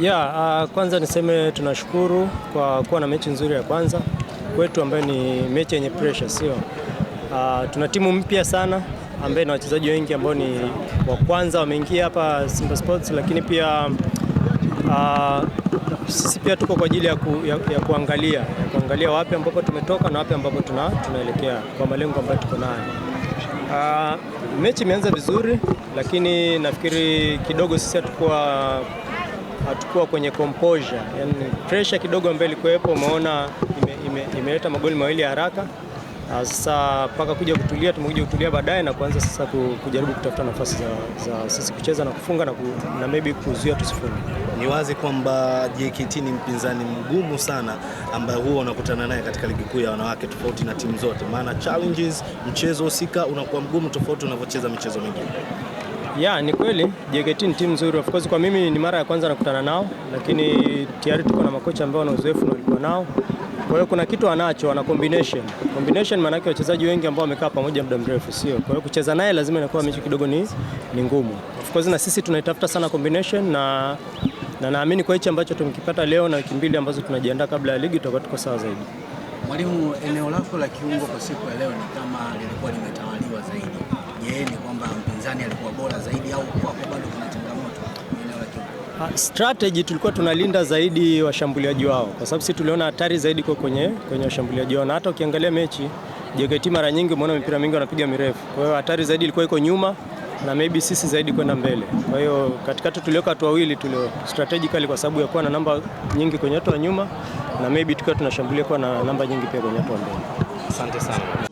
Ya yeah, uh, kwanza niseme tunashukuru kwa kuwa na mechi nzuri ya kwanza kwetu ambayo ni mechi yenye pressure, sio? Uh, tuna timu mpya sana ambayo na wachezaji wengi ambao ni wa kwanza wameingia hapa Simba Sports, lakini pia uh, sisi pia tuko kwa ajili ya, ku, ya, ya kuangalia ya kuangalia wapi ambapo tumetoka na wapi ambapo tuna, tunaelekea kwa malengo ambayo tuko nayo. Uh, mechi imeanza vizuri, lakini nafikiri kidogo sisi hatukuwa hatukuwa kwenye composure, yani pressure kidogo ambayo ilikuwepo, umeona imeleta ime, ime magoli mawili haraka. Ah, sasa mpaka kuja kutulia, tumekuja kutulia baadaye na kuanza sasa kujaribu kutafuta nafasi za, za sisi kucheza na kufunga na, ku, na maybe kuzuia tusifunge. Ni wazi kwamba JKT ni mpinzani mgumu sana ambaye huwa unakutana naye katika ligi kuu ya wanawake, tofauti na timu zote, maana challenges mchezo husika unakuwa mgumu tofauti unavyocheza michezo mingine. Yeah, ni kweli JKT ni timu nzuri. Of course kwa mimi ni mara ya kwanza nakutana nao, lakini tayari tuko na makocha ambao wana uzoefu na walikuwa nao. Kwa hiyo kuna kitu anacho, ana combination. Combination maana yake wachezaji wengi ambao wamekaa pamoja muda mrefu, sio? Kwa hiyo kucheza naye lazima inakuwa mechi kidogo ni, ni ngumu. Of course na sisi tunaitafuta sana combination na na naamini kwa hichi ambacho tumekipata leo na wiki mbili ambazo tunajiandaa kabla ya ligi tutakuwa tuko sawa zaidi. Mwalimu, eneo lako la kiungo kwa siku ya leo ni kama lilikuwa limetawaliwa zaidi je, ni kwamba mpinzani alikuwa bora zaidi au kwako bado kuna changamoto eneo ah, Strategy tulikuwa tunalinda zaidi washambuliaji wao, kwa sababu sisi tuliona hatari zaidi kwa kwenye kwenye washambuliaji wao, na hata ukiangalia mechi JKT mara nyingi umeona mipira mingi wanapiga mirefu, kwa hiyo hatari zaidi ilikuwa iko nyuma na maybe sisi zaidi kwenda mbele. Kwa hiyo katikati tuliweka watu wawili tulio strategically kwa sababu ya kuwa na namba nyingi kwenye watu wa nyuma na maybe tukiwa tunashambulia kuwa na namba nyingi pia kwenye watu wa mbele. Asante sana.